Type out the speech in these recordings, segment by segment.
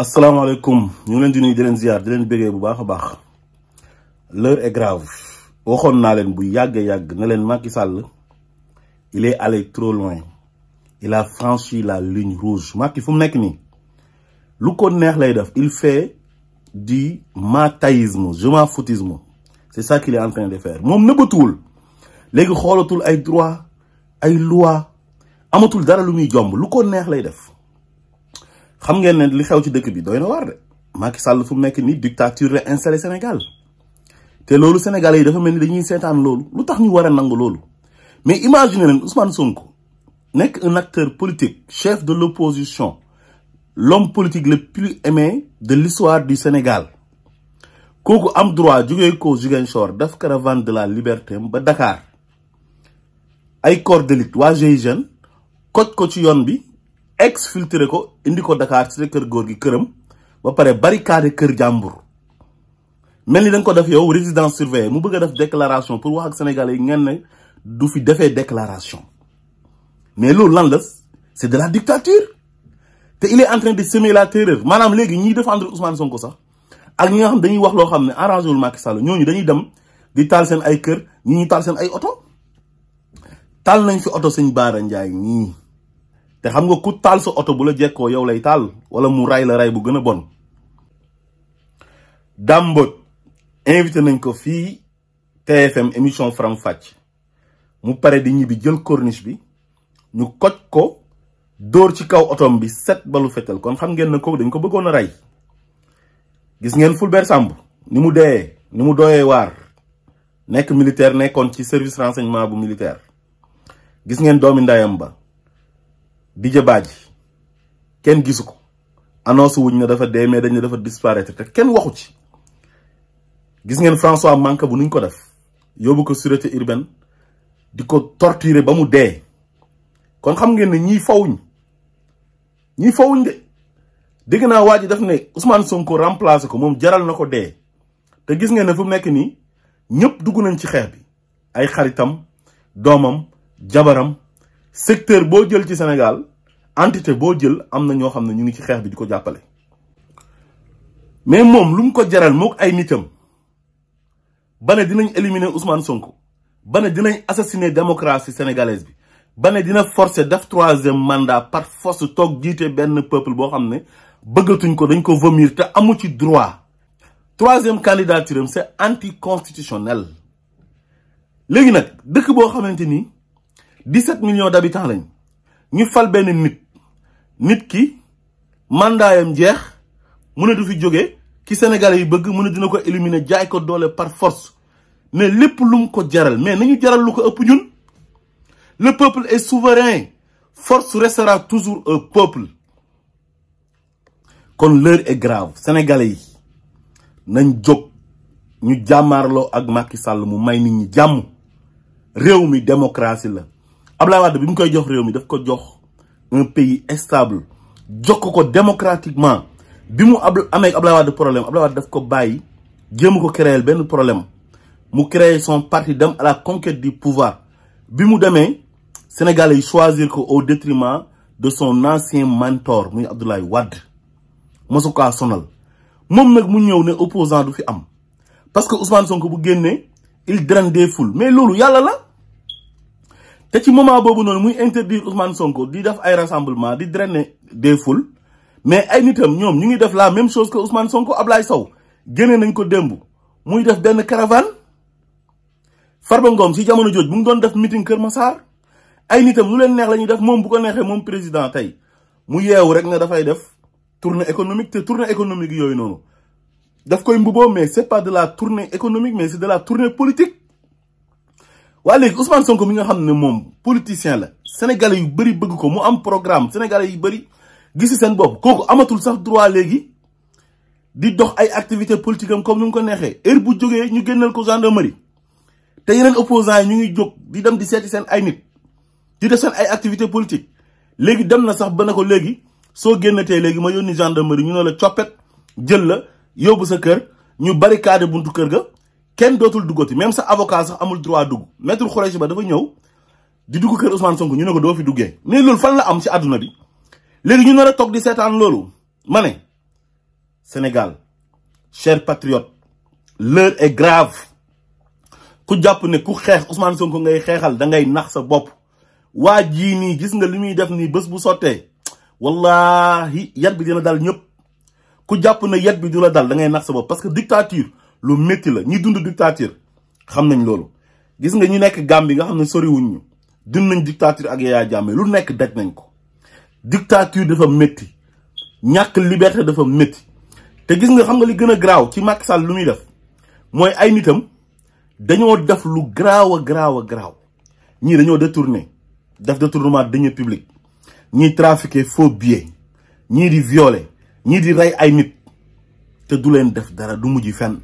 asalaamaaleykum ñu ngi leen di nuyu di leen ziar di leen bégee bu baax a baax l'heure est grave waxoon naa leen bu yàgg yàgg na leen Macky Sall il est allé trop loin il a franchi la ligne rouge Macky fu mu nekk nii lu ko neex lay def il fait du mataïsme je m'en c'est ça qu'il est en train de faire moom nëbbatuwul léegi xoolatul ay droit ay loi amatul dara lu muy jomb lu ko neex lay def xam ngeen ne li xew ci dëkk bi doy na waar de Macky Sall fu mu nekk nii dictature la installé Sénégal te loolu sénégalais yi dafa mel ni dañuy seetaan loolu lu tax ñu war a nangu loolu mais imagine leen Ousmane Sonko nekk un acteur politique chef de l'opposition l'homme politique le plus aimé de l'histoire du Sénégal kooku am droit jugee ko Ziguinchor def caravane de la liberté ba dakaar ay corps d'élite waa jeune kot ko ci yoon bi exfiltrer ko indi ko Dakar ci kër góor gi këram ba pare barricade kër jambour melni ni ko def yow résidence surveillée mu bëgg def déclaration pour wax ak sénégalais yi du fi defee déclaration mais loolu lan la c'est de la dictature te il est en train de semer la terreur manam léegi ñi défendre Ousmane Sonko sax ak ñi nga xam dañuy wax lo xamné arrangeul arrangé wul Macky Sall ñooñu dañuy dem di tal sen ay kër ñi ñuy taal seen ay auto tal nañ fi auto sëñ Baara Ndiaye ñi te xam nga ku tal sa auto bu la jekkoo yow lay tal wala mu ray la ray bu gëna bon dambot invité nañ ko fi tfm émission franc fatch mu paré di ñibi jël corniche bi ñu koj ko ci kaw auto bi set balu fetal kon xam ngeen ne ko dañ ko bëggoon ray gis ngeen fulbert samb ni mu deyee ni mu doyé war nek militaire nekkoon ci service renseignement bu militaire gis ngeen doomi ndayam ba Didier yi kenn gisu ko annonce wuñ ne dafa dee mais dañ ne dafa disparaître te kenn waxu ci gis ngeen François bu nuñ ko def yóbbu ko sûreté urbaine di ko torturer ba mu dee kon xam ngeen ne ñi fawuñ ñi fawuñ de dégg naa waa ji daf ne Ousmane Sonko remplacé ko moom jaral na ko dee te gis ngeen ne fu nekk nii ñëpp dugg nañ ci xeex bi ay xaritam doomam jabaram secteur boo jël ci Sénégal entité boo jël am na ñoo xam ne ñu ngi ci xeex bi di ko jàppale mais moom lu mu ko jaral mook ay nitam ba ne dinañ éliminer Ousmane Sonko ba ne dinañ assassiner démocratie sénégalaise bi ba ne dina forcer def troisième mandat par force toog jiite benn peuple boo xam ne bëggatuñ ko dañ ko vomir te amu ci droit troisième candidature am c'est anticonstitutionnel léegi nag dëkk boo xamante nii 17 millions d'habitants lañ ñu fal ben nit nit ki mandayam jeex du fi qui ki Sénégalais bëgg ont dina ko éliminer par force mais lépp ko mais jaral ëpp le peuple est souverain force restera toujours un peuple kon l'heure est grave Sénégalais nañ nous ñu jamarlo ak Macky mu may nit ñi réew démocratie la Abdoulaye Wade bi mu koy jox réew mi daf ko jox un pays stable jox démocratiquement bi mu ab amee Wade problème Abdoulaye Wade daf ko bàyyi jéem ko créer benn problème mu créer son parti dem à la conquête du pouvoir bi mu demee Sénégalais choisir au détriment de son ancien mentor Abdoulaye Wade mosu kaa sonal moom nag mu ñëw ne opposant du fi am parce que Ousmane Sonko bu génnee il draine des foules mais loolu yàlla la te ci moment boobu noonu muy interdire Ousmane Sonko di faire ay rassemblement di drainer des foules mais ay nitam ñoom ñu ngi def la même chose que Ousmane Sonko Ablaye Sow génne nañ ko démb muy def benn caravane Farba Ngom si jamono jooj mu ngi doon def meeting Kër Massar ay nitam lu leen neex la ñuy def moom bu ko neexee moom président tey mu yeewu rek ne dafay def tournée économique te tournée économique yooyu noonu daf koy mbuboo mais c'est pas de la tournée économique mais c'est de la tournée politique waa léegi Ousmane Sonko mi nga xam ne moom politicien la sénégalais yu bëri bëgg ko mu am programme sénégalais yu bëri gisi seen bopp kooku amatul sax droit léegi di dox ay activité politique comme ni mu ko neexee heure bu jógee ñu génnal ko gendarmerie te yeneen opposants yi ñu ngi jóg di dem di seeti seen ay nit di def seen ay activité politique léegi dem na sax ba ne ko léegi soo génnatee léegi ma yónni gendarmerie ñu ne la coppet jël la yóbbu sa kër ñu barricade buntu kër ga Ken dootul duggati même sa avocat sax amul droit dugg maître khouraji Ba dafa ñew di dugg keur Ousmane Sonko ñu ne ko do fi duggé né lool fan la am ci aduna bi légui ñu nar a di sétane loolu mané Sénégal cher patriote l'heure est grave ku japp né ku xex Ousmane Sonko ngay xexal da ngay nax sa bop waa ni gis nga limuy def ni bu soté wallahi yat dina dal ñëpp ku japp ne yat bi dal da ngay nax sa bop parce que dictature lu métti la ñi dund dictature xam nañ loolu gis nga ñu nekk Gambie nga xam ne soriwuñ ñu dund nañ dictature ak Yaya Jammeh lu nekk daj nañ ko dictature dafa métti ñàkk liberté dafa métti te gis nga xam nga li gën a garaaw ci Macky Sall lu muy def mooy ay nitam dañoo def lu garaaw a garaaw a garaaw ñii dañoo détourné def détournement de deniers publics ñii trafiqué faux billets ñii di violé ñii di rey ay nit te du leen def dara du mujj fen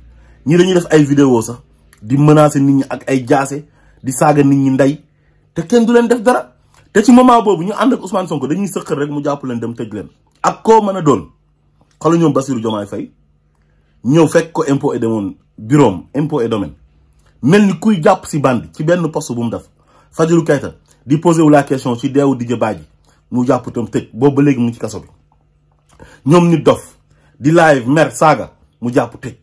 ñii dañuy def ay vidéo sax di menacer nit ñi ak ay jaase di saaga nit ñi ndey te kenn du leen def dara te ci moment boobu ñu ànd ak Ousmane Sonko dañuy sëq rek mu jàpp leen dem tëj leen. ak koo mën a doon xoolal ñoom Bassirou Diomaye fay ñëw fekk ko impo et domaine bureau impôt et domaine mel ni kuy jàpp si bandi ci benn poste bu mu def Fadilou Keita di posé wu la question ci deewu Didier Badji mu jàpp itam tëj boobu ba léegi mu ci kaso bi ñoom nit dof di live mer saaga mu jàpp tëj.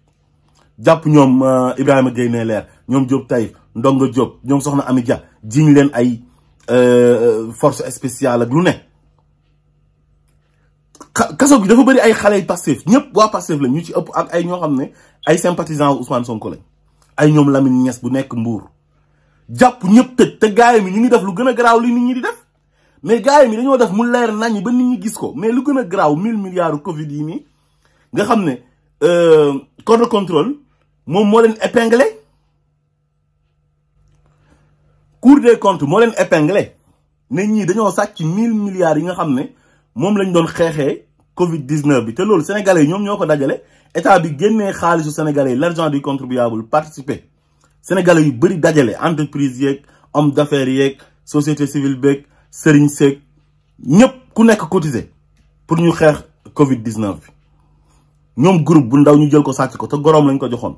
jàpp ñoom euh, Ibrahima Gueye ne leer ñoom Diop Taïf Ndongo Diop ñoom soxna Ami Dia jiñ leen ay euh, force spéciale ak lu ne kaso gi dafa bëri ay xale yu Pastef ñëpp waa Pastef la ñu ci ëpp ak ay ñoo xam ne ay sympathisants wu Ousmane Sonko ay ñoom Lamine Niass bu nekk mbuur jàpp ñëpp tëj te gaay mi ñu ngi def lu gën a garaaw li nit ñi di def mais gaay mi dañoo def mu leer nañ ba nit ñi gis ko mais lu gën a garaaw mille milliards Covid yi nii nga xam ne euh, corps de contrôle. mom mo len épinglé cour des comptes mo len épinglé ne ñii dañoo 1000 mille milliards yi nga xamné mom lañ doon xeexee Covid 19 bi té lool sénégalais ñom ñoko dajalé état bi génné xaalisu sénégalais l'argent du contribuable participer sénégalais yu bari dajalé entreprise entreprises, homme hommes d'affaires, la société civile les sëriñ seeg ñëpp ku nekk cotiser pour ñu Covid 19 ñom groupe bu ndaw ñu jël ko sacc ko té gorom lañ ko joxone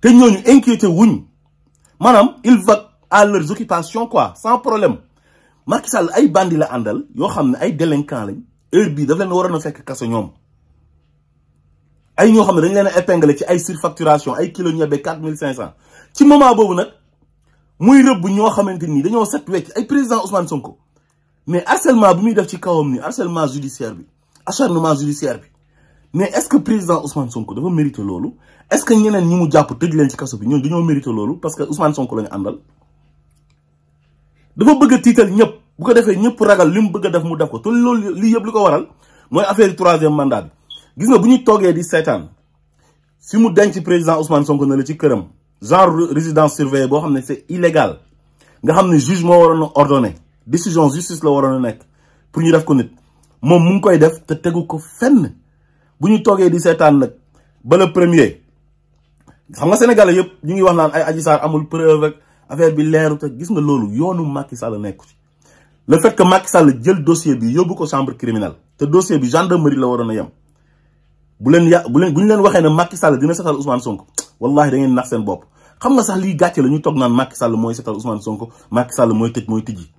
te ñooñu inquiété wuñ Madame, il va à leurs occupations quoi sans problème Marquis Sall ay bandi la àndal yoo xam ay délinquants lañ heure bii daf leen waroon a fekk kaso ñoom ay ñoo xam ne dañ leen a épinglé ci ay surfacturation ay kilo ñebe 4500. ci moment où nous muy rëbb ñoo xamante nii dañoo set wecc ay président Ousmane Sonko mais harcèlement bi muy def ci kawam ni harcèlement judiciaire bi acharnement judiciaire bi mais est-ce que président Ousmane Sonko dafa mérité loolu est-ce que ñeneen ñi mu jàpp tëj leen ci kaso bi ñoo dañoo mérité loolu parce que Ousmane Sonko la ñu àndal dafa bëgg a tiital ñëpp bu ko defee ñëpp ragal li mu bëgg a def mu def ko te loolu lu yëpp li ko waral mooy affaire troisième mandat bi gis nga bu ñu toogee di seetaan si mu denc président Ousmane Sonko na la ci këram genre résidence surveillée boo xam ne se illégal nga xam ne juge moo waroon a ordonné décision justice la waroon a nekk pour ñu def ko nit moom mu koy def te tegu ko fenn. bu ñu toogee di seetaan nag ba le premier xam nga sénégalais yëpp ñu ngi wax naan ay Adji Sarr amul preuve ak affaire bi leeru te gis nga loolu yoonu Macky Sall nekku ci le fait que Macky Sall jël dossier bi yóbbu ko chambre criminelle te dossier bi gendarmerie la waroon a yem bu leen ya bu leen bu ñu leen waxee ne Macky Sall dina setal Ousmane Sonko wallahi da ngeen nax seen bopp xam nga sax lii gàcce la ñu toog naan Macky Sall mooy setal Ousmane Sonko Macky Sall mooy tëj mooy tijji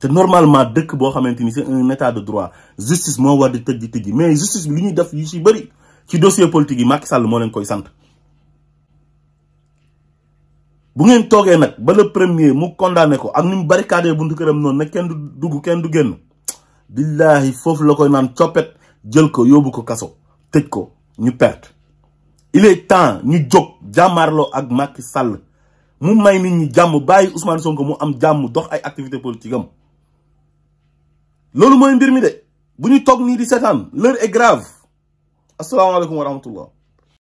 te normalement dëkk bo xamanteni c'est un état de droit justice mo war di tëj di tëj mais justice bi li ñuy def yu ci bari ci dossier politique yi Macky Sall mo leen koy sant bu ngeen togué nak ba le premier mu condamné ko ak nim barricade barricadé buntu kërëm non nag kenn du dugg kenn du genn billahi fofu la koy nan chopet jël ko yobbu ko kasso tëj ko ñu perte il est temps ñu jog jamarlo ak Macky Sall mu may nit ñi jamm baye Ousmane Sonko mu am jamm dox ay activité politique am loolu mooy mbir mi de bu ñu toog nii di seetaan l'heure est grave asalaamaaleykum wa rahmatullah